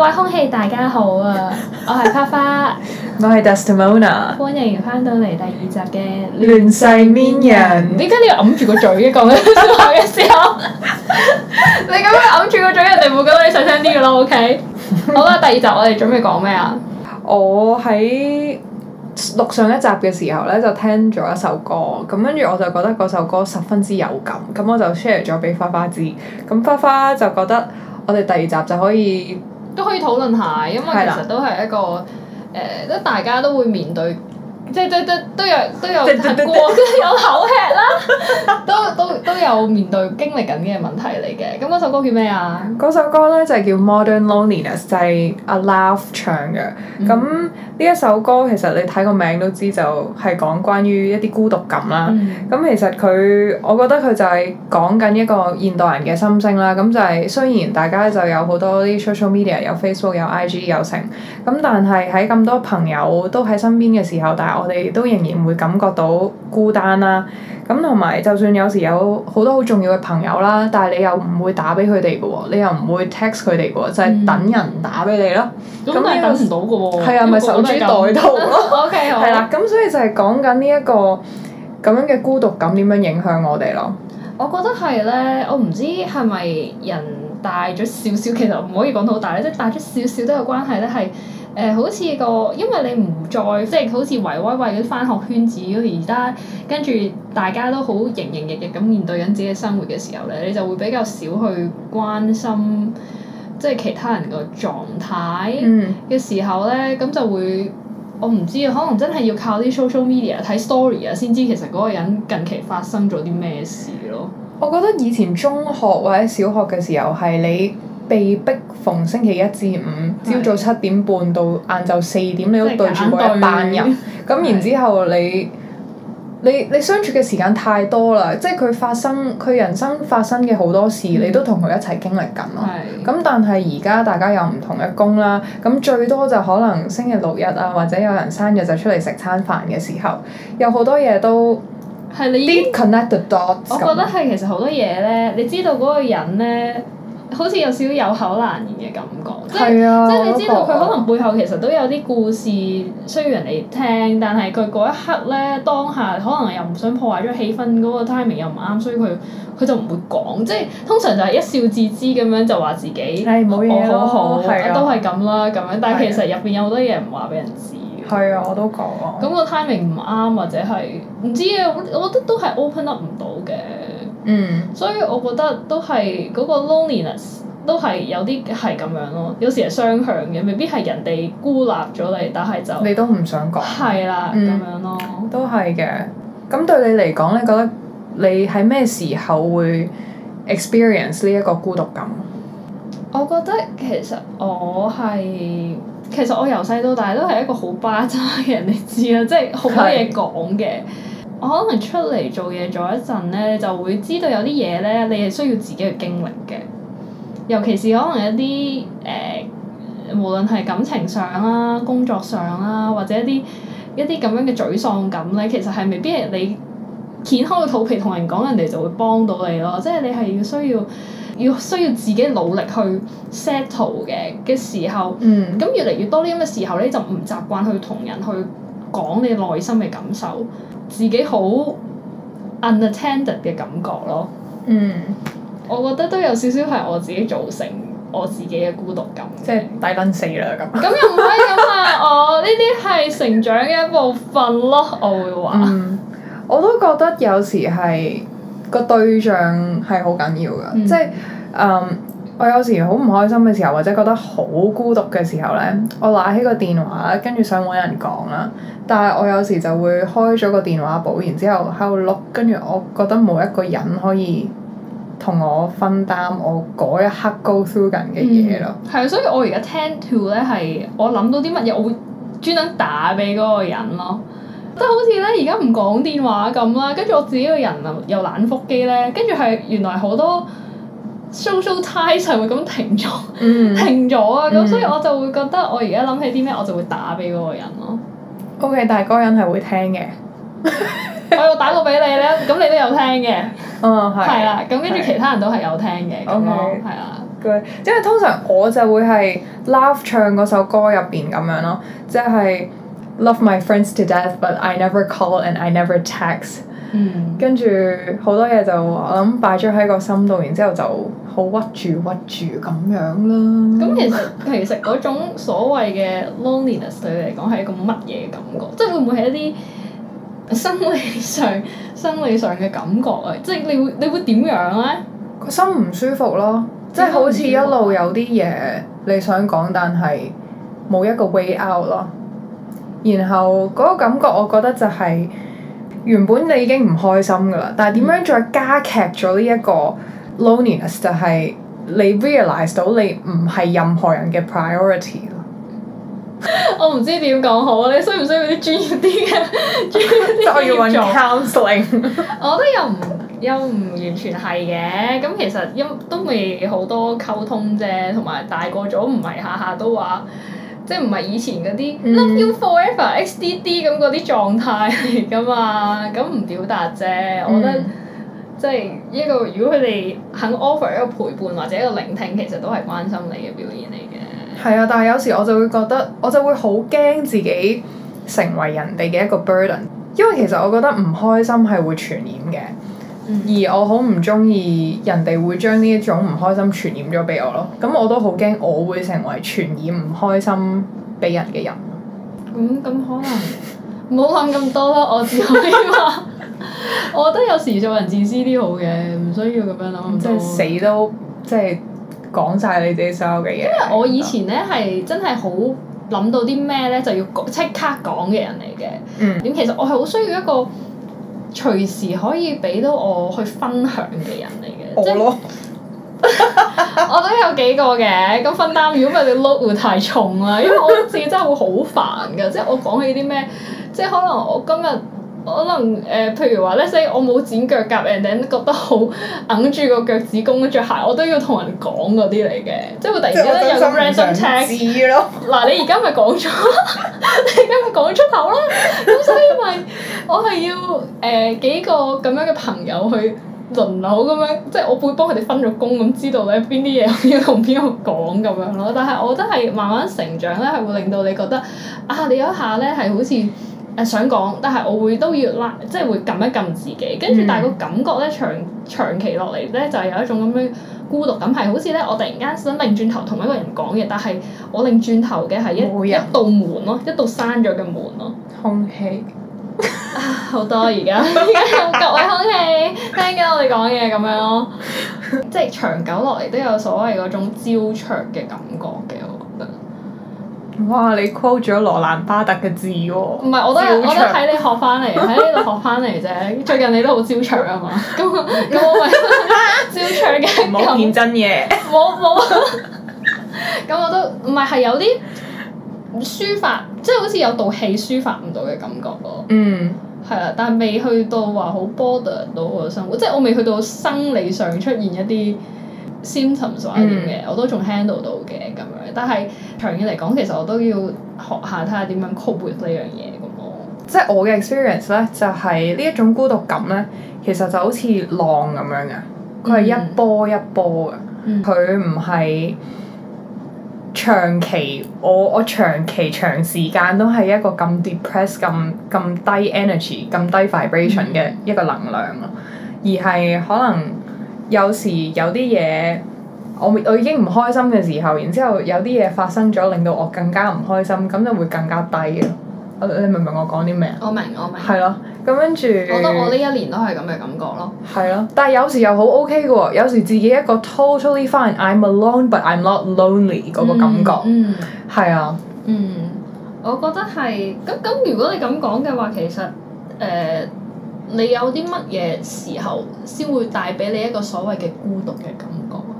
各位空氣，大家好啊！我係花花，我係 Destimona，歡迎翻到嚟第二集嘅亂世 Mean 人。點解你要揞住個嘴嘅講嘅時候？ 你咁樣揞住個嘴， 人哋會覺得你想聽啲嘅咯，OK？ 好啦，第二集我哋準備講咩啊？ 我喺錄上一集嘅時候咧，就聽咗一首歌，咁跟住我就覺得嗰首歌十分之有感，咁我就 share 咗俾花花知。咁花花就覺得我哋第二集就可以。都可以討論下，因為其實都係一個誒，即是的、呃、大家都會面對。即係都都都有都有睇過，都有口吃啦，都都都有面對經歷緊嘅問題嚟嘅。咁嗰首歌叫咩啊？嗰首歌咧就係叫《Modern Loneliness》，就係阿 Lauv 唱嘅。咁呢、嗯、一首歌其實你睇個名都知，就係、是、講關於一啲孤獨感啦。咁、嗯、其實佢，我覺得佢就係講緊一個現代人嘅心聲啦。咁就係雖然大家就有好多啲 social media，有 Facebook，有 IG，有成。咁但係喺咁多朋友都喺身邊嘅時候，但我哋都仍然會感覺到孤單啦，咁同埋就算有時有好多好重要嘅朋友啦，但係你又唔會打俾佢哋嘅喎，你又唔會 text 佢哋嘅喎，就係、是、等人打俾你咯。咁咪、嗯嗯、等唔到嘅喎。係啊，咪守株待兔咯。 OK，啦好。係啦，咁所以就係講緊呢一個咁樣嘅孤獨感點樣影響我哋咯。我覺得係咧，我唔知係咪人大咗少少，其實唔可以講到好大咧，即、就、係、是、大咗少少都有關係咧，係。誒、呃、好似個，因為你唔再即係好似圍圍圍咗啲返學圈子，而家跟住大家都好營營役役咁面對緊自己生活嘅時候咧，你就會比較少去關心即係其他人個狀態嘅時候咧，咁、嗯、就會我唔知啊，可能真係要靠啲 social media 睇 story 啊，先知其實嗰個人近期發生咗啲咩事咯。我覺得以前中學或者小學嘅時候係你。被逼逢星期一至五，朝早七點半到晏晝四點，你都對住嗰一班人。咁然之後你 你你相處嘅時間太多啦，即係佢發生佢人生發生嘅好多事，嗯、你都同佢一齊經歷緊咯。咁是的 但係而家大家有唔同嘅工啦，咁最多就可能星期六日啊，或者有人生日就出嚟食餐飯嘅時候，有好多嘢都係你。Connect the dots。我覺得係其實好多嘢咧，你知道嗰個人咧。好似有少少有口難言嘅感覺，即係、啊、即係你知道佢可能背後其實都有啲故事需要人哋聽，但係佢嗰一刻呢，當下可能又唔想破壞咗氣氛，嗰、那個 timing 又唔啱，所以佢佢就唔會講，即係通常就係一笑置之咁樣就話自己我、哎哦、好好啊都係咁啦咁樣，但係其實入邊有好多嘢唔話俾人知嘅。係啊，我都講啊。咁個 timing 唔啱或者係唔知啊，我我覺得都係 open up 唔到嘅。嗯，mm. 所以我覺得都係嗰個 loneliness 都係有啲係咁樣咯，有時係雙向嘅，未必係人哋孤立咗你，但係就你都唔想講，係啦咁樣咯。都係嘅。咁對你嚟講，你覺得你喺咩時候會 experience 呢一個孤獨感？我覺得其實我係，其實我由細到大都係一個好巴喳嘅人，你知啦，即係好多嘢講嘅。我可能出嚟做嘢咗一陣咧，就會知道有啲嘢咧，你係需要自己去經歷嘅。尤其是可能一啲誒、呃，無論係感情上啦、工作上啦，或者一啲一啲咁樣嘅沮喪感咧，其實係未必係你掀開個肚皮同人講，人哋就會幫到你咯。即係你係要需要要需要自己努力去 settle 嘅嘅時候，咁、嗯、越嚟越多呢啲咁嘅時候咧，就唔習慣去同人去講你內心嘅感受。自己好 unattended 嘅感覺咯。嗯。我覺得都有少少係我自己造成我自己嘅孤獨感，即係抵撚死啦咁樣。咁又唔可以咁啊！ 我呢啲係成長嘅一部分咯，我會話、嗯。我都覺得有時係個對象係好緊要㗎，嗯、即係嗯。Um, 我有時好唔開心嘅時候，或者覺得好孤獨嘅時候咧，我拿起個電話，跟住想揾人講啦。但係我有時就會開咗個電話簿，然之後喺度 l 跟住我覺得冇一個人可以同我分擔我嗰一刻 go through 緊嘅嘢咯。係啊、嗯，所以我而家 t e n o 咧係我諗到啲乜嘢，我會專登打俾嗰個人咯。即係好似咧，而家唔講電話咁啦，跟住我自己個人又又懶腹肌咧，跟住係原來好多。social ties，會咁停咗，停咗啊！咁所以我就會覺得我而家諗起啲咩，我就會打俾嗰個人咯。OK，但係嗰個人係會聽嘅。 我又打過俾你咧，咁你都有聽嘅。嗯，係。係啦，咁跟住其他人都係有聽嘅，咁咯，係啦。佢，因為通常我就會係 love 唱嗰首歌入邊咁樣咯，即係 love my friends to death，but I never call and I never text。跟住好多嘢就我諗擺咗喺個心度，然之後就好屈住屈住咁樣啦。咁、嗯、 其實其實嗰種所謂嘅 loneliness 對你嚟講係一個乜嘢感覺？即係會唔會係一啲生理上生理上嘅感覺啊？即係你會你會點樣咧？個心唔舒服咯，即係好似一路有啲嘢你想講，但係冇一個 way out 咯。然後嗰個感覺，我覺得就係、係、～原本你已經唔開心噶啦，但係點樣再加劇咗呢一個 loneliness？就係你 realize 到你唔係任何人嘅 priority 咯。我唔知點講好，你需唔需要啲專業啲嘅？即 係一 我要揾 counseling 我覺得又唔又唔完全係嘅，咁、嗯、其實因都未好多溝通啫，同埋大個咗唔係下下都話。即係唔係以前嗰啲 Love you forever h D D 咁嗰啲狀態嚟㗎嘛？咁唔表達啫，我覺得、嗯、即係一個如果佢哋肯 offer 一個陪伴或者一個聆聽，其實都係關心你嘅表現嚟嘅。係啊、嗯，但係有時我就會覺得，我就會好驚自己成為人哋嘅一個 burden，因為其實我覺得唔開心係會傳染嘅。而我好唔中意人哋會將呢一種唔開心傳染咗俾我咯，咁我都好驚我會成為傳染唔開心俾人嘅人。咁咁、嗯嗯嗯、可能唔好諗咁多啦，我只可以話， 我覺得有時做人自私啲好嘅，唔需要咁樣諗。即係死都即係講晒你自己所有嘅嘢。嗯、因為我以前咧係真係好諗到啲咩咧就要即刻講嘅人嚟嘅，咁其實我係好需要一個。隨時可以俾到我去分享嘅人嚟嘅，我咯 即係 我都有幾個嘅，咁 分擔。如果唔係，你 load 會太重啦，因為我覺得自己真係會好煩嘅。即係我講起啲咩，即係可能我今日。可能誒、呃，譬如話咧，所以我冇剪腳甲，人哋，覺得好硬住個腳趾公着鞋，我都要同人講嗰啲嚟嘅，即係我突然間咧 有 random text。嗱，你而家咪講咗，你而家咪講出口啦，咁 所以咪、就是、我係要誒、呃、幾個咁樣嘅朋友去輪流咁樣，即係我會幫佢哋分咗工咁，知道咧邊啲嘢要同邊個講咁樣咯。但係我覺得係慢慢成長咧，係會令到你覺得啊，你有一下咧係好似～呃、想講，但係我會都要拉，即係會撳一撳自己，跟住但係個感覺咧長長期落嚟咧就係、是、有一種咁樣孤獨感，係好似咧我突然間想擰轉頭同一個人講嘢，但係我擰轉頭嘅係一人一道門咯，一道閂咗嘅門咯。門空氣。好、啊、多而家各位空氣 聽緊我哋講嘢咁樣咯， 即係長久落嚟都有所謂嗰種焦灼嘅感覺嘅。哇！你 quote 咗羅蘭巴特嘅字喎、哦？唔係，我都係，我都睇你學翻嚟，喺呢度學翻嚟啫。最近你都好招長啊嘛？咁、嗯、 我咪招長嘅。唔好欠真嘅 。冇我冇。咁 我都唔係係有啲抒發，即係好似有道氣抒發唔到嘅感覺咯。嗯。係啊，但係未去到話好 border 到我嘅生活，即係我未去到生理上出現一啲。先尋索一點嘅，嗯、我都仲 handle 到嘅咁樣，但係長遠嚟講，其實我都要學下睇下點樣 cope with 呢樣嘢咁咯。即係我嘅 experience 咧，就係呢一種孤獨感咧，其實就好似浪咁樣嘅，佢係一波一波嘅，佢唔係長期，我我長期長時間都係一個咁 depressed、咁咁低 energy、咁低 vibration 嘅一個能量咯，嗯、而係可能。有時有啲嘢，我我已經唔開心嘅時候，然之後有啲嘢發生咗，令到我更加唔開心，咁就會更加低咯。你明唔明我講啲咩啊？我明，我明。係咯，咁跟住。我覺得我呢一年都係咁嘅感覺咯。係咯，但係有時又好 OK 嘅喎，有時自己一個 totally fine，I'm alone but I'm not lonely 嗰個感覺。嗯。係啊。嗯。嗯，我覺得係。咁咁，如果你咁講嘅話，其實誒。呃你有啲乜嘢時候先會帶俾你一個所謂嘅孤獨嘅感覺啊？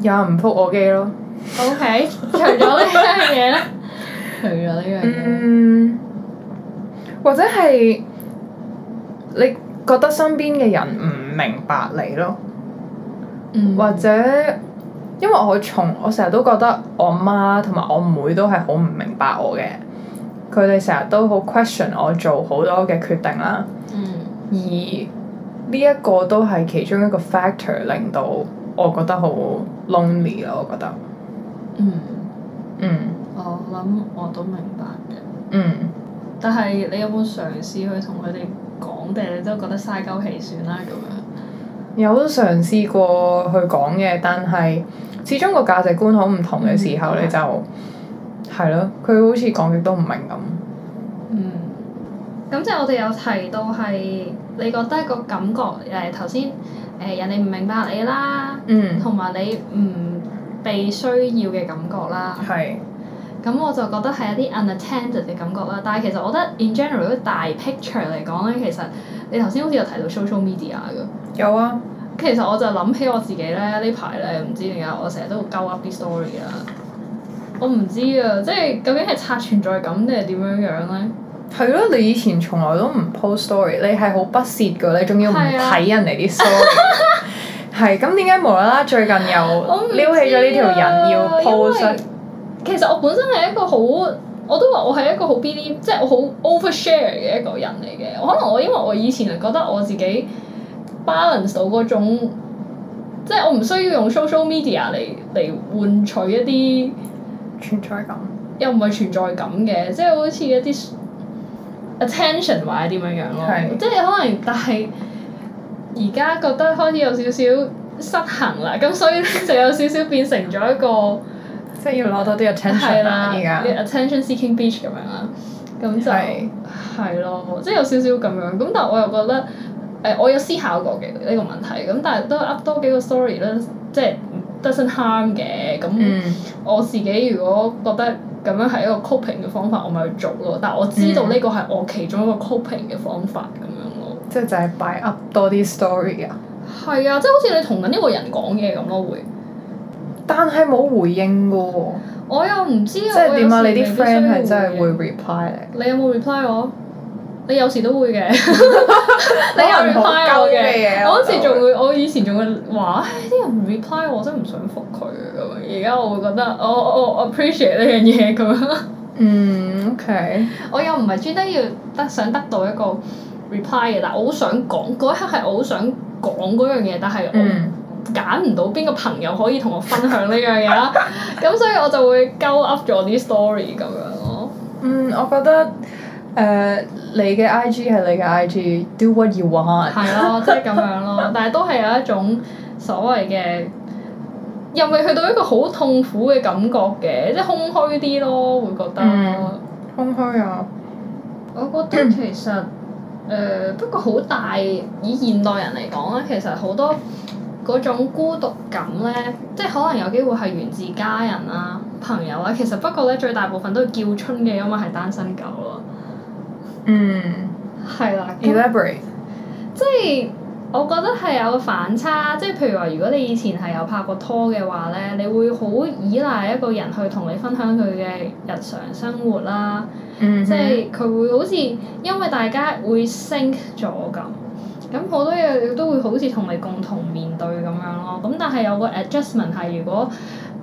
有人唔覆我機咯。 o、okay, K，除咗呢樣嘢啦， 除咗呢樣嘢。嗯。或者係你覺得身邊嘅人唔明白你咯？嗯、或者，因為我從我成日都覺得我媽同埋我妹，妹都係好唔明白我嘅。佢哋成日都好 question 我做好多嘅決定啦，嗯、而呢一個都係其中一個 factor 令到我覺得好 lonely 咯，我覺得。嗯。嗯。我諗我都明白嘅。嗯。但係你有冇嘗試去同佢哋講，定係你都覺得嘥鳩氣算啦咁樣？有都嘗試過去講嘅，但係始終個價值觀好唔同嘅時候，嗯 okay. 你就。係咯，佢好似講極都唔明咁。嗯。咁即係我哋有提到係，你覺得個感覺誒頭先誒人哋唔明白你啦，同埋、嗯、你唔被需要嘅感覺啦。係。咁我就覺得係一啲 unattended 嘅感覺啦。但係其實我覺得 in general 大 picture 嚟講咧，其實你頭先好似有提到 social media 噶。有啊。其實我就諗起我自己咧，呢排咧唔知點解我成日都會鳩 Up 啲 story 啦。我唔知啊，即係究竟係刷存在感定係點樣樣呢？係咯，你以前從來都唔 post story，你係好不屑㗎，你仲要唔睇人哋啲，story？係咁點解無啦啦最近又撩起咗呢條人要 post？、啊、其實我本身係一個好，我都話我係一個好 b，d 即係我好 over share 嘅一個人嚟嘅。可能我因為我以前係覺得我自己 balance 到嗰種，即係我唔需要用 social media 嚟嚟換取一啲。存在感又唔係存在感嘅，即係好似一啲 attention 或者點樣樣咯，是 即係可能但係而家覺得開始有少少失衡啦，咁所以咧就有少少變成咗一個， 即係要攞到啲 attention 啦，啲在 attention seeking beach 咁樣是 啦，咁就係咯，即係有少少咁樣。咁但係我又覺得誒、欸，我有思考過嘅呢、這個問題，咁但係都 up 多幾個 story 啦，即係。Doesn't harm 嘅，咁我自己如果覺得咁樣係一個 coping 嘅方法，我咪去做咯。但係我知道呢個係我其中一個 coping 嘅方法咁樣咯。即係就係 b Up y u 多啲 story 啊！係啊，即係好似你同緊呢個人講嘢咁咯，會。但係冇回應噶喎、啊！我又唔知。解你啲 friend reply 係真會 re 你有冇 reply 我？你有時都會嘅，你有 reply 我嘅。我嗰時仲會，我以前仲會話，啲人唔 reply 我，我真係唔想覆佢。咁而家我會覺得，我我我 appreciate 呢樣嘢咁、嗯。嗯，OK。我又唔係專登要得想得到一個 reply 嘅，但我好想講嗰一刻係我好想講嗰樣嘢，但係我揀唔到邊個朋友可以同我分享呢樣嘢啦。咁、嗯、 所以我就會 go up 咗啲 story 咁樣咯。嗯，我覺得。誒、uh, 你嘅 IG 係你嘅 IG，do what you want。係咯，即係咁樣咯，但係都係有一種所謂嘅，又未去到一個好痛苦嘅感覺嘅，即、就、係、是、空虛啲咯，會覺得、嗯。空虛啊！我覺得其實誒、 呃、不過好大，以現代人嚟講咧，其實好多嗰種孤獨感咧，即係可能有機會係源自家人啊、朋友啊。其實不過咧，最大部分都係叫春嘅，因為係單身狗。嗯，係啦，即係我覺得係有反差，即係譬如話，如果你以前係有拍過拖嘅話咧，你會好依賴一個人去同你分享佢嘅日常生活啦，mm hmm。即係佢會好似因為大家會 sync 咗咁，咁好多嘢都會好似同你共同面對咁樣咯。咁但係有個 adjustment 係，如果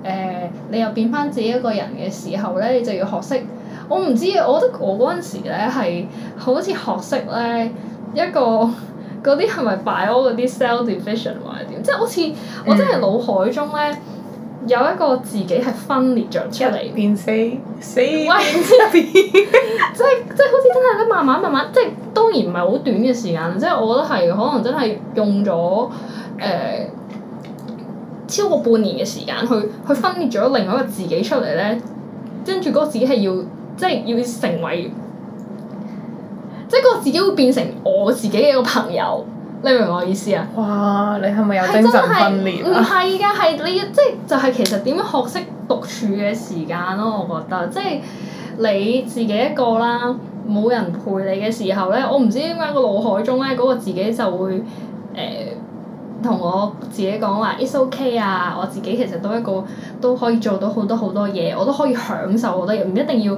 誒、呃、你又變翻自己一個人嘅時候咧，你就要學識。我唔知，我覺得我嗰陣時咧係好似學識咧一個嗰啲係咪 biology 嗰啲 cell division 或者點，即係好似、嗯、我真係腦海中咧有一個自己係分裂咗出嚟，變四四，即係即係好似真係咧，慢慢慢慢，即係當然唔係好短嘅時間，即係我覺得係可能真係用咗誒、呃、超過半年嘅時間去去分裂咗另外一個自己出嚟咧，跟住嗰個自己係要。即係要成為，即係個自己會變成我自己嘅一個朋友，你明唔明我意思啊？哇！你係咪有精神分裂？唔係㗎，係 你即係就係、是、其實點樣學識獨處嘅時間咯。啊？我覺得即係你自己一個啦，冇人陪你嘅時候咧，我唔知點解個腦海中咧嗰、嗰個自己就會誒。呃同我自己講話 it's okay 啊，我自己其實都一個都可以做到好多好多嘢，我都可以享受好多嘢，唔一定要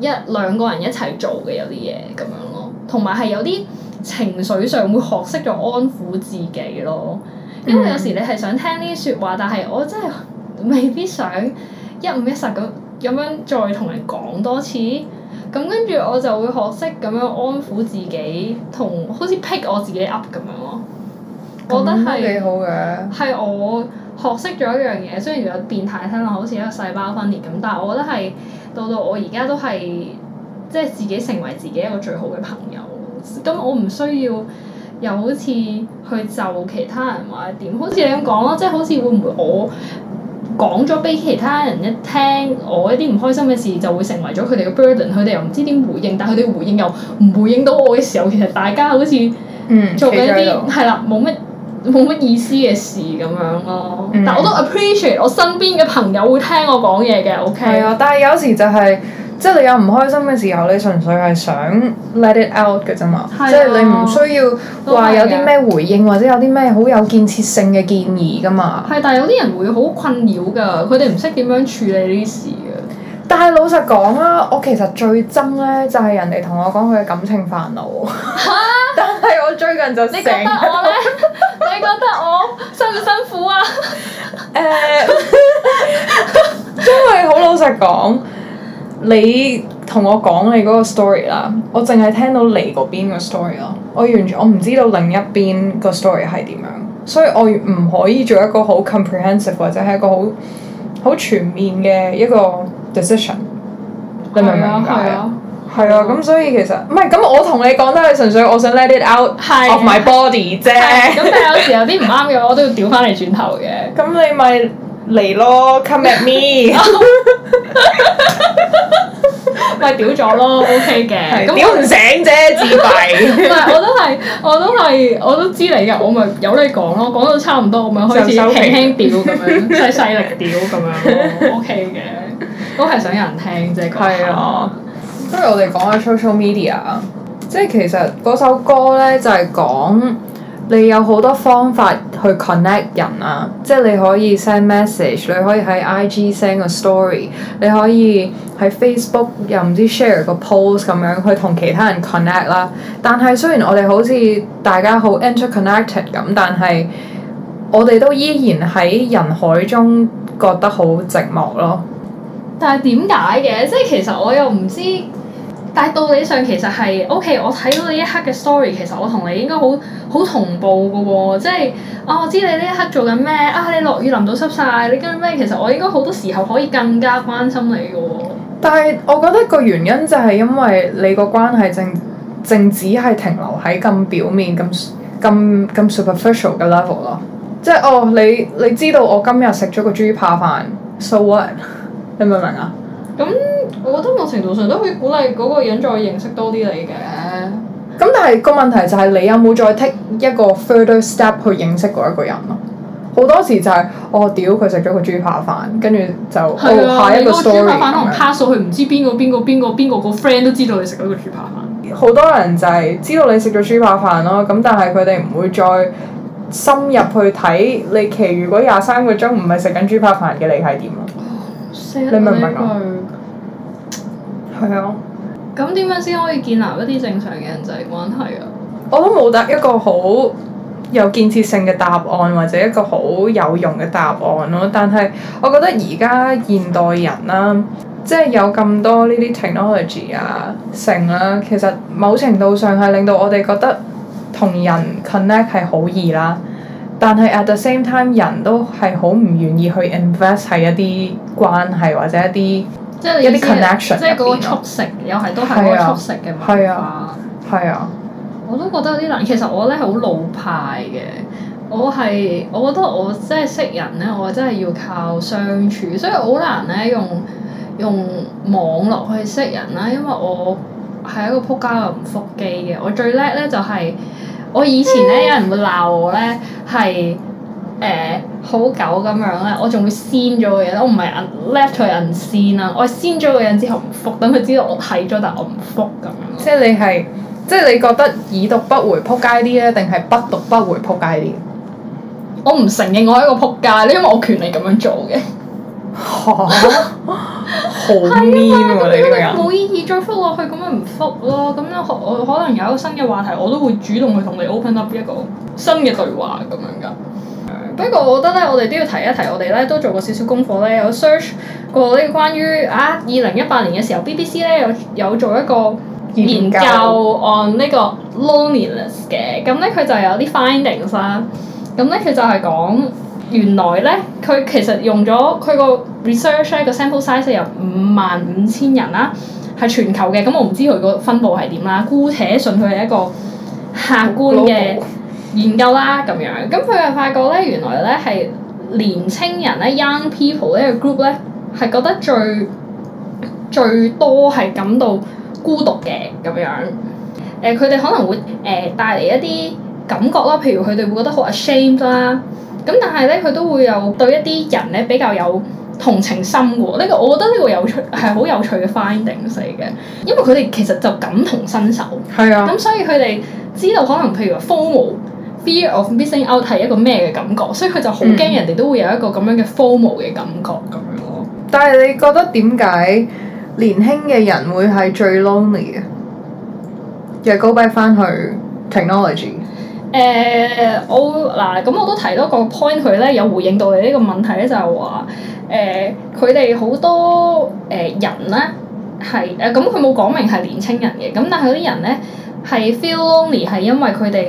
一兩個人一齊做嘅，有啲嘢咁樣咯。同埋係有啲情緒上會學識咗安撫自己咯，因為有時你係想聽呢啲説話，但係我真係未必想一五一十咁咁樣再同人講多次。咁跟住我就會學識咁樣安撫自己，同好似 pick 我自己 up 咁樣咯。我覺得係幾好嘅，係我學識咗一樣嘢。雖然有變態聽落好似一個細胞分裂咁，但係我覺得係到到我而家都係即係自己成為自己一個最好嘅朋友。咁我唔需要又好似去就其他人話點，好似你咁講咯，即係好似會唔會我講咗俾其他人一聽，我一啲唔開心嘅事就會成為咗佢哋嘅 burden。佢哋又唔知點回應，但係佢哋回應又唔回應到我嘅時候，其實大家好似做緊一啲係啦，冇乜、嗯、冇乜意思嘅事咁樣咯、啊，嗯、但我都 appreciate 我身邊嘅朋友會聽我講嘢嘅，OK。係啊，但係有時就係、是，即、就、係、是、你有唔開心嘅時候，你純粹係想 let it out 嘅啫嘛，即係、啊、你唔需要話有啲咩回應或者有啲咩好有建設性嘅建議噶嘛。係，但係有啲人會好困擾噶，佢哋唔識點樣處理呢啲事嘅。但係老實講啊，我其實最憎咧就係人哋同我講佢嘅感情煩惱。 最近就成，你覺得我咧？ 你覺得我辛唔辛苦啊？誒，uh, 因為好老實講，你同我講你嗰個 story 啦，我淨係聽到嚟嗰邊嘅 story 咯，我完全我唔知道另一邊個 story 係點樣，所以我唔可以做一個好 comprehensive 或者係一個好好全面嘅一個 decision，你明唔明啊？係啊。係啊，咁所以其實唔係咁，我同你講都係純粹我想 let it out of my body 啫。咁但係有時有啲唔啱嘅話，我都要屌翻你轉頭嘅。咁你咪嚟咯，come at me，咪屌咗咯，OK 嘅。屌唔醒啫，自敗自閉。唔係，我都係，我都係，我都知你嘅。我咪由你講咯，講到差唔多，我咪開始輕輕屌咁樣，細細力屌咁樣咯，OK 嘅。都係想有人聽啫，咁樣。係啊。不如我哋講下 social media 啊！即係其實嗰首歌呢，就係講你有好多方法去 connect 人啊！即係你可以 send message，你可以喺 IG send 個 story，你可以喺 Facebook 又唔知 share 個 post 咁樣去同其他人 connect 啦。但係雖然我哋好似大家好 interconnected 咁，但係我哋都依然喺人海中覺得好寂寞咯。但係點解嘅？即係其實我又唔知。但係道理上其實係，O.K.，我睇到你一刻嘅 story，其實我同你應該好好同步嘅喎、哦，即係啊、哦，我知你呢一刻做緊咩啊，你落雨淋到濕晒，你跟咩？其實我應該好多時候可以更加關心你嘅喎、哦。但係我覺得個原因就係因為你個關係淨淨只係停留喺咁表面、咁咁咁 superficial 嘅 level 咯。即係哦，你你知道我今日食咗個豬扒飯，so what？你明唔明啊？咁、嗯。我覺得某程度上都可以鼓勵嗰個人再認識多啲你嘅。咁但係個問題就係你有冇再 take 一個 further step 去認識嗰一個人咯？好多時就係、是，我、哦、屌佢食咗個豬扒飯，跟住就、啊哦、下一個 story，係啊，你嗰個豬扒飯可能 pass 咗去唔知邊個邊個邊個邊個個 friend 都知道你食咗個豬扒飯。好多人就係知道你食咗豬扒飯咯，咁但係佢哋唔會再深入去睇你，其餘嗰廿三個鐘唔係食緊豬扒飯嘅你係點咯？Oh, 你，你明唔明啊？係啊，咁點 Yeah. 樣先可以建立一啲正常嘅人際關係啊？我都冇得一個好有建設性嘅答案，或者一個好有用嘅答案咯。但係我覺得而家現代人啦、啊，即係有咁多呢啲 technology 啊，性啦、啊，其實某程度上係令到我哋覺得同人 connect 係好易啦。但係 at the same time，人都係好唔願意去 invest 喺一啲關係或者一啲。即係啲 connection 入邊咯，即係嗰個速食又係都係速食嘅文化。係啊，係啊，我都覺得有啲難。其實我咧好老派嘅，我係我覺得我即係識人咧，我真係要靠相處，所以我好難咧用用網絡去識人啦，因為我係一個撲街唔覆機嘅。我最叻咧就係、是、我以前咧有人會鬧我咧係。嗯誒好、uh，久咁樣咧，我仲會先咗個人，我唔係啊 left 佢，人先啊，我係先咗個人之後唔覆，等佢知道我睇咗，但係我唔覆咁。即係你係，即係你覺得已讀不回仆街啲咧，定係不讀不回仆街啲？我唔承認我係一個仆街，你因為我權力咁樣做嘅。嚇！係啊，咁樣你冇意義，再覆落去咁咪唔覆咯。咁我我可能有一個新嘅話題，我都會主動去同你 open up 一個新嘅對話咁樣㗎。不過，我覺得咧，我哋都要提一提我呢，我哋咧都做過少少功課咧，有 search 過呢個關於啊二零一八年嘅時候，BBC 咧有有做一個研究按研究 呢個 loneliness 嘅，咁咧佢就有啲 findings 啦。咁咧佢就係講原來咧，佢其實用咗佢個 research 咧個 sample size 有五萬五千人啦，係全球嘅。咁、嗯、我唔知佢個分布係點啦，姑且信佢係一個客觀嘅。研究啦咁樣，咁佢又發覺咧，原來咧係年輕人咧 ，young people 呢個 group 咧係覺得最最多係感到孤獨嘅咁樣。誒、呃，佢哋可能會誒、呃、帶嚟一啲感覺啦，譬如佢哋會覺得好 ashamed 啦。咁但係咧，佢都會有對一啲人咧比較有同情心喎。呢、這個我覺得呢個有趣係好有趣嘅 finding 嚟嘅，因為佢哋其實就感同身受。係啊。咁、嗯、所以佢哋知道可能譬如話 FOMO。Fear of missing out 係一個咩嘅感覺，所以佢就好驚人哋都會有一個咁樣嘅 formal 嘅感覺咁樣咯、嗯。但係你覺得點解年輕嘅人會係最 lonely 嘅？又 go back 翻去 technology，誒、呃、我嗱咁、呃、我都提多個 point 佢咧有回應到你呢個問題咧，就係話誒佢哋好多誒、呃、人咧係誒咁佢冇講明係年青人嘅，咁但係啲人咧係 feel lonely 係因為佢哋。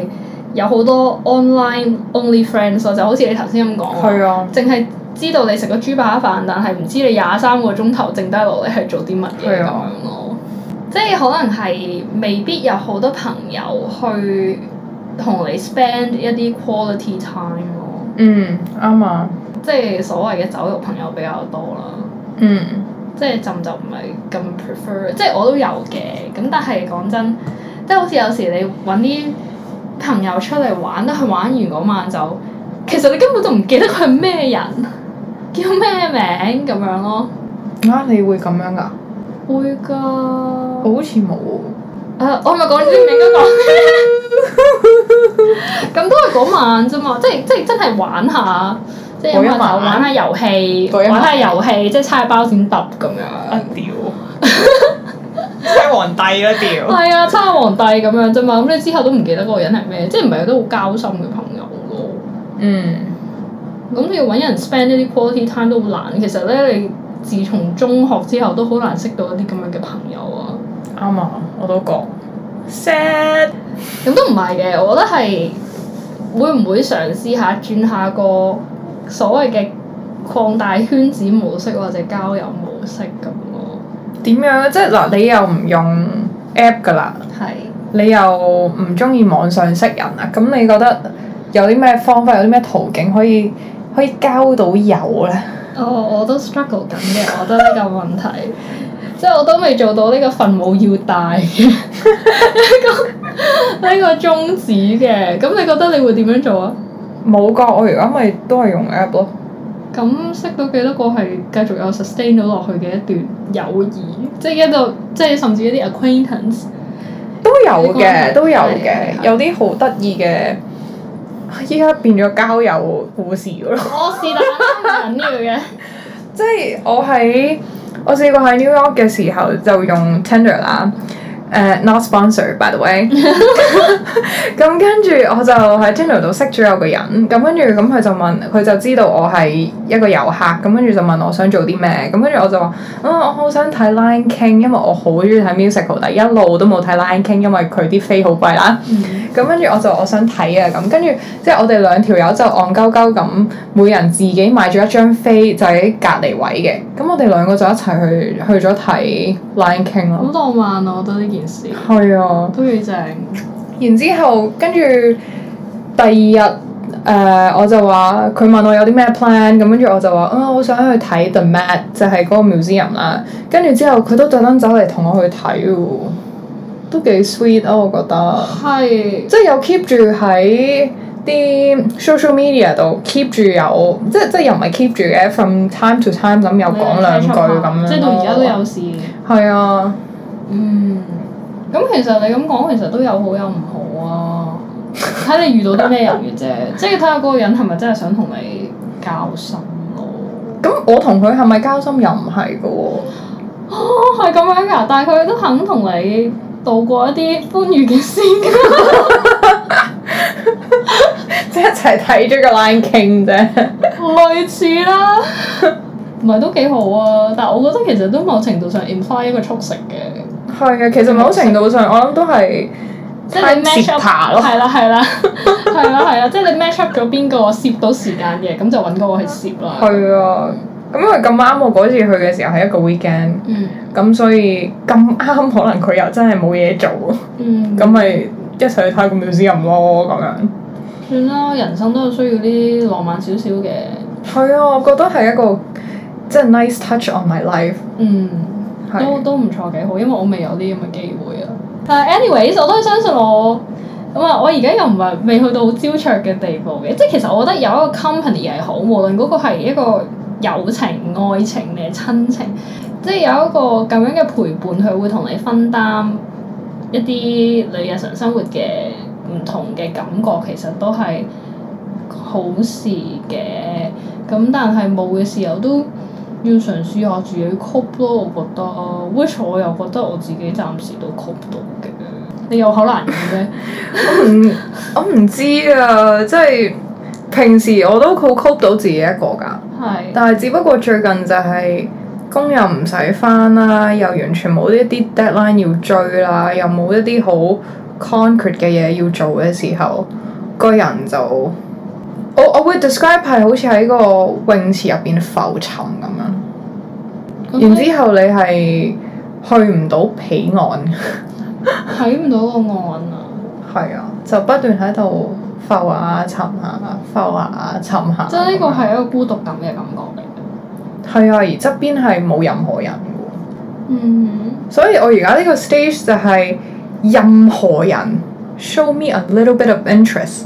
有好多 online only friends 咯，就好似你頭先咁講，淨係知道你食個豬扒飯，但係唔知你廿三個鐘頭剩低落嚟係做啲乜嘢咁咯。即係可能係未必有好多朋友去同你 spend 一啲 quality time 咯。嗯，啱啊！即係所謂嘅酒肉朋友比較多啦。嗯。即係朕就唔係咁 prefer，即係我都有嘅。咁但係講真，即係好似有時你揾啲。朋友出嚟玩都係玩完嗰晚就，其實你根本就唔記得佢係咩人，叫咩名咁樣咯。啊！你會咁樣噶？會㗎的。好似冇。啊！呃，我係咪講全名嗰個？咁 都係嗰晚啫嘛，即係即係真係玩下，即係玩下玩下遊戲，玩下遊戲，下遊戲即係猜包剪揼咁樣。差皇帝嗰條！係啊，差皇帝咁樣啫嘛！咁你之後都唔記得嗰個人係咩？即係唔係都好交心嘅朋友噶？嗯，咁要揾人 spend 呢啲 quality time 都好難。其實呢，你自從中學之後都好難識到一啲咁樣嘅朋友啊！啱啊，我都覺 sad。咁都唔係嘅，我覺得係會唔會嘗試下轉下個所謂嘅擴大圈子模式或者交友模式咁？點樣？即係嗱，你又唔用 app 噶啦，是你又唔中意網上識人啊？咁你覺得有啲咩方法，有啲咩途徑可以可以交到友咧？哦，我都 struggle 緊嘅，我覺得呢個問題， 即係我都未做到呢個墳墓要帶嘅呢 個呢個宗旨嘅。咁你覺得你會點樣做啊？冇個，我而家咪都係用 app 咯。咁、嗯、識到幾多個係繼續有 sustain 到落去嘅一段友誼，即係一度，即係甚至一啲 acquaintance 都有嘅，都有嘅，有啲好得意嘅，依家變咗交友故事咯。 是我是但緊要嘅，即係我喺我試過喺 New York 嘅時候就用 Tinder 啦。Uh, not sponsored by the way，咁 跟住我就喺 channel 度識咗有個人，咁跟住咁佢就問，佢就知道我係一個遊客，咁跟住就問我想做啲咩，咁跟住我就話，啊我好想睇 Lion King，因為我好中意睇 musical，但一路都冇睇 Lion King，因為佢啲飛好貴啦。咁、嗯、跟住我就我想睇啊，咁跟住即係我哋兩條友就戇鳩鳩咁，每人自己買咗一張飛，就喺隔離位嘅，咁我哋兩個就一齊去去咗睇 Lion King 咯。好浪漫啊，我覺得呢件。係啊，都幾正。然之後跟住第二日誒、呃，我就話佢問我有啲咩 plan，咁跟住我就話啊，好、哦、想去睇 The Mat, m a t 就係嗰個 museum 啦。跟住之後佢都特登走嚟同我去睇喎，都幾 sweet 啊。我覺得。係是。即係有 keep 住喺啲 social media 度 keep 住有，即係即係又唔係 keep 住嘅，from time to time 咁又講兩句咁樣。即係到而家都有事。係啊。嗯。嗯。咁其實你咁講，其實都有好有唔好啊，睇你遇到啲咩人嘅啫， 即係睇下嗰個人係咪真係想同你交心咯。咁我同佢係咪交心又唔係嘅喎？啊，係咁、啊哦、樣㗎、啊，但係佢都肯同你度過一啲歡愉嘅時光，即係一齊睇咗個 line 傾啫。類似啦，唔 係都幾好啊！但係我覺得其實都某程度上 imply 一個速食嘅。係啊，其實某程度上我諗都係即係你 match up 咯多， 係啦係啦，係啦係啦，即係、就是、你 match up 咗邊個攝到時間嘅，咁就揾嗰個去攝啦。係啊，咁因為咁啱，我嗰次去嘅時候係一個 weekend，咁、嗯、所以咁啱可能佢又真係冇嘢做，咁咪、嗯、 一齊去睇個 musical 咯咁樣。算啦，人生都係需要啲浪漫少少嘅。係啊，我覺得係一個即係、就是、nice touch on my life。嗯。都都唔錯幾好，因為我未有啲咁嘅機會啊。但係，anyways，我都相信我咁啊！我而家又唔係未去到好焦灼嘅地步嘅，即係其實我覺得有一個 company 係好，無論嗰個係一個友情、愛情定係親情，即係有一個咁樣嘅陪伴，佢會同你分擔一啲你日常生活嘅唔同嘅感覺，其實都係好事嘅。咁但係冇嘅時候都～要嘗試下自己 cope 咯，我覺得。which 我又覺得我自己暫時都 cope 到嘅。你有口難言咩？ 我唔，我唔知啊。即係平時我都好 cope 到自己一個㗎。係是。但係只不過最近就係工又唔使返啦，又完全冇呢啲 deadline 要追啦，又冇一啲好 concrete 嘅嘢要做嘅時候，個人就～我我會 describe 係好似喺個泳池入邊浮沉咁樣，然之後你係去唔到彼岸，睇唔到個岸啊！係啊，就不斷喺度浮啊沉啊浮啊沉啊。即係呢個係一個孤獨感嘅感覺嚟。係啊，而側邊係冇任何人喎。嗯，所以，我而家呢個 stage 就係任何人 show me a little bit of interest。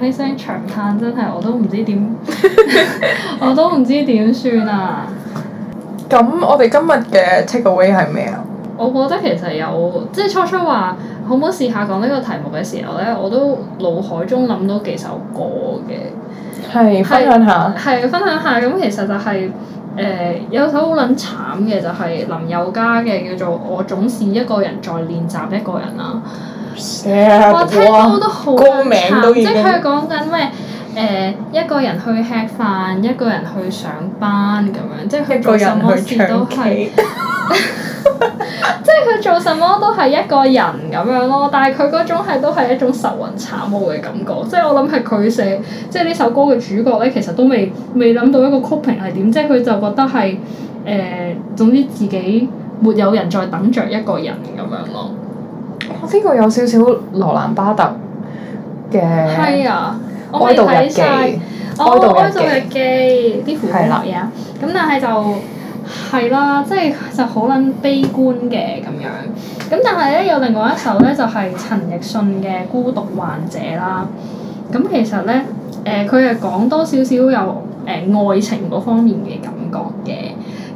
呢聲長嘆真係，我都唔知點， 我都唔知點算啊！咁我哋今日嘅 take away 係咩啊？我覺得其實有，即係初初話好唔好試下講呢個題目嘅時候咧，我都腦海中諗到幾首歌嘅。係是是分享下。係分享下，咁其實就係、是、誒、呃、有首好撚慘嘅，就係林宥嘉嘅叫做《我總是一個人在練習一個人》啊。我聽歌都好慘，即係佢講緊咩？誒、呃，一個人去吃飯，一個人去上班咁樣，即係佢做什麼事都係， 即係佢做什麼都係一個人咁樣咯。但係佢嗰種係都係一種愁雲慘霧嘅感覺。即係我諗係佢寫，即係呢首歌嘅主角咧，其實都未未諗到一個曲名係點。即係佢就覺得係誒、呃，總之自己沒有人在等着一個人咁樣咯。呢個有少少羅蘭巴特嘅啊，我哀悼日記，哀悼日記啲負累啊！咁但係就係啦，即係就好、是、撚悲觀嘅咁樣。咁但係咧，有另外一首咧，就係、是、陳奕迅嘅《孤獨患者》啦。咁其實咧，誒佢係講多少少有誒、呃、愛情嗰方面嘅感覺嘅。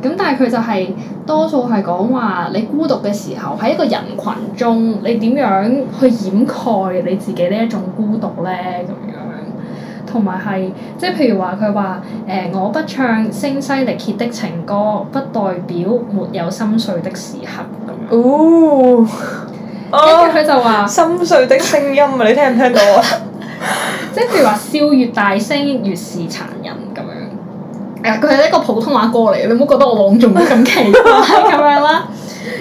咁但係佢就係、是、多數係講話你孤獨嘅時候，喺一個人群中，你點樣去掩蓋你自己呢一種孤獨咧？咁樣，同埋係即係譬如話佢話誒我不唱聲嘶力竭的情歌，不代表沒有心碎的時刻咁樣。哦。跟住佢就話心碎的聲音啊！ 你聽唔聽到啊？ 即係譬如話笑越大聲越是殘忍咁。誒佢係一個普通話歌嚟，你唔好覺得我朗誦咁奇怪咁 樣啦。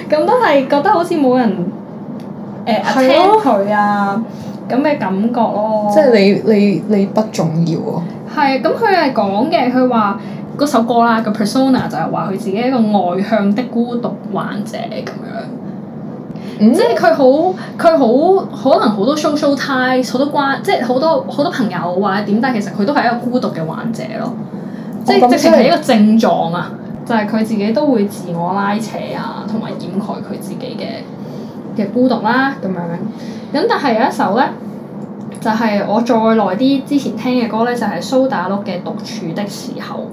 咁都係覺得好似冇人誒 attend 佢啊咁嘅感覺咯。即係你你你不重要啊？係咁，佢係講嘅，佢話嗰首歌啦，個 persona 就係話佢自己一個外向的孤獨患者咁樣。嗯、即係佢好佢好可能好多 social ties 好多關，即係好多好多朋友或者點，但其實佢都係一個孤獨嘅患者咯。 即係，直情係一個症狀啊！ 就係佢自己都會自我拉扯啊，同埋掩蓋佢自己嘅嘅孤獨啦、啊，咁樣。咁但係有一首咧，就係、是、我再耐啲之前聽嘅歌咧，就係蘇打綠嘅《獨處的時候》。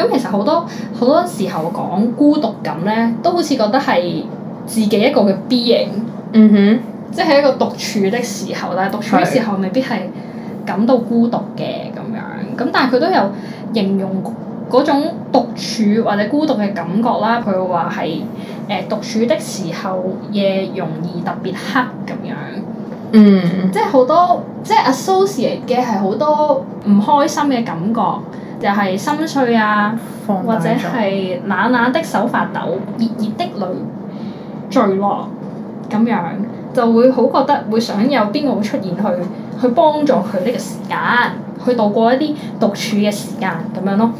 咁其實好多好多時候講孤獨感咧，都好似覺得係自己一個嘅 B 型。嗯哼、mm。Hmm. 即係一個獨處的時候，但係獨處的時候未必係感到孤獨嘅咁。咁但係佢都有形容嗰種獨處或者孤獨嘅感覺啦。佢話係誒獨處的時候，夜容易特別黑咁樣。嗯。即係好多，即係 associate 嘅係好多唔開心嘅感覺，又係心碎啊，或者係冷冷的手發抖，熱熱的淚墜落咁樣，就會好覺得會想有邊個會出現去去幫助佢呢個時間。去度過一啲獨處嘅時間咁樣咯。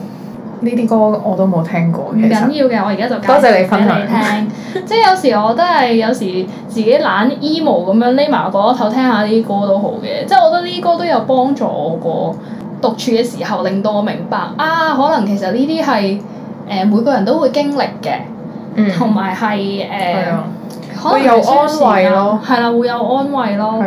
呢啲歌我都冇聽過。唔緊要嘅，我而家就介紹俾你聽，多謝你分享。 即係有時我都係有時自己懶 emo 咁樣匿埋個角落頭聽下呢啲歌都好嘅。即係我覺得呢啲歌都有幫助我個獨處嘅時候，令到我明白啊，可能其實呢啲係誒每個人都會經歷嘅，同埋係誒。有呃、會有安慰咯。係啦，會有安慰咯。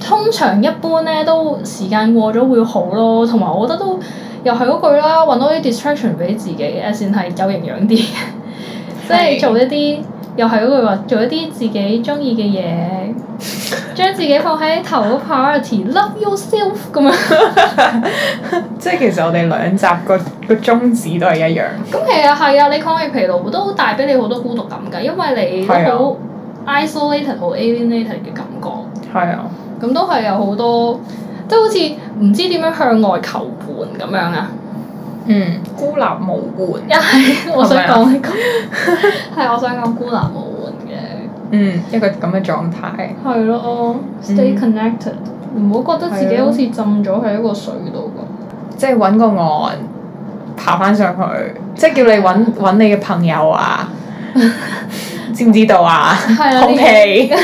通常一般咧都時間過咗會好咯，同埋我覺得都又係嗰句啦，揾多啲 distraction 俾自己啊，先係有營養啲。即係做一啲又係嗰句話，做一啲自己中意嘅嘢，將自己放喺頭嗰 part，love yourself 咁樣。即係其實我哋兩集個個宗旨都係一樣。咁其實係啊，你抗疫疲勞都帶俾你好多孤獨感㗎，因為你都好 isolated 好 alienated 嘅感覺。係啊。咁都係有好多，即係好似唔知點樣向外求伴咁樣啊！嗯，嗯，孤立無援，一係 我想講係咁，係 我想講孤立無援嘅。嗯，一個咁嘅狀態。係咯，stay connected，唔好、嗯、覺得自己好似浸咗喺一個水度咁。啊、即係揾個岸，爬翻上去，即係叫你揾揾 你嘅朋友啊！ 知唔知道啊？空、啊、同氣，氣，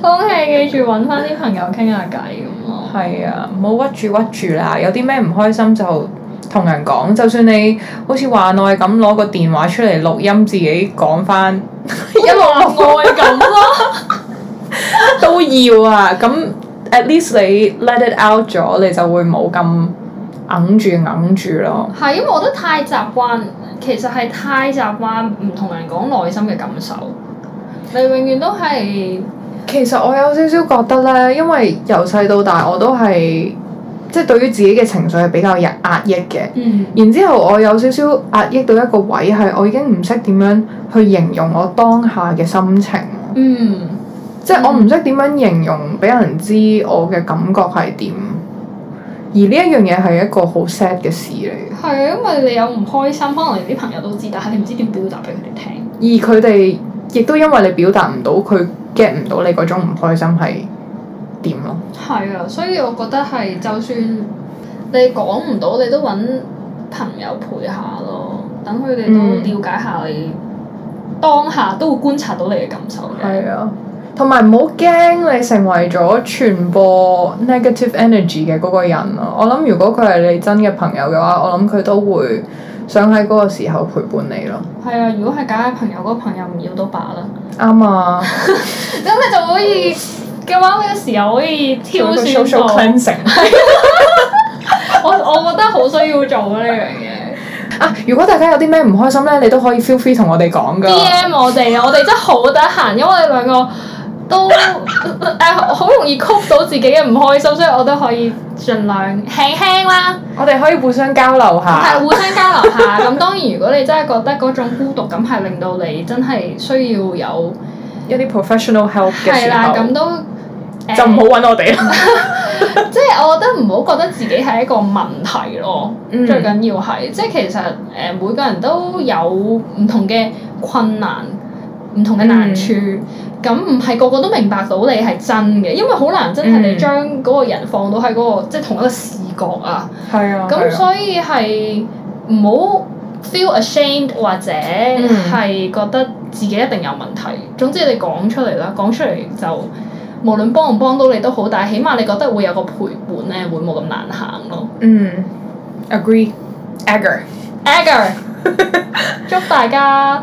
空 氣，記住揾翻啲朋友傾下偈咁咯。係啊，唔好屈住屈住啦！有啲咩唔開心就同人講，就算你好似話內咁攞個電話出嚟錄音，自己講翻一路愛咁咯。 都要啊！咁 at least 你 let it out 咗，你就會冇咁揞住揞住咯、啊。係因為我覺得太習慣，其實係太習慣唔同人講內心嘅感受。你永遠都係。其實我有少少覺得咧，因為由細到大我都係，即係對於自己嘅情緒係比較壓抑嘅。嗯。然之後我有少少壓抑到一個位，係我已經唔識點樣去形容我當下嘅心情。嗯。即係我唔識點樣形容，俾人知我嘅感覺係點。而呢一樣嘢係一個好 sad 嘅事嚟。係，因為你有唔開心，可能啲朋友都知，但係你唔知點表達俾佢哋聽。而佢哋。亦都因為你表達唔到，佢 get 唔到你嗰種唔開心係點咯。係啊，所以我覺得係就算你講唔到，你都揾朋友陪下咯，等佢哋都了解下你、嗯、當下都會觀察到你嘅感受。係啊，同埋唔好驚你成為咗傳播 negative energy 嘅嗰個人咯。我諗如果佢係你真嘅朋友嘅話，我諗佢都會。想喺嗰個時候陪伴你咯。係啊，如果係假嘅朋友嗰、嗰個朋友唔要都罷啦對吧。 啱啊。咁你就可以嘅話，嗰個時候可以挑選過。我我覺得好需要做呢樣嘢。 啊，如果大家有啲咩唔開心咧，你都可以 feel free 同我哋講噶。D M 我哋啊，我哋真係好得閒，因為兩個。 都誒好容易 cope 到自己嘅唔開心，所以我都可以盡量輕輕啦。我哋可以互相交流下。係 互相交流下，咁當然如果你真係覺得嗰種孤獨感係令到你真係需要有， 有一啲 professional help 嘅時候，咁都就唔好揾我哋啦。即係我覺得唔好覺得自己係一個問題咯，最緊要係、mm. 即係其實誒、呃、每個人都有唔同嘅困難。唔同嘅難處，咁唔係個個都明白到你係真嘅，因為好難真係你將嗰個人放到喺、那、嗰個、嗯、即係同一個視角啊。係啊，咁、啊、所以係唔好 feel ashamed 或者係覺得自己一定有問題。嗯、總之你講出嚟啦，講出嚟就無論幫唔幫到你都好，但係起碼你覺得會有個陪伴咧，會冇咁難行咯。嗯，agree，agree，agree， 祝大家！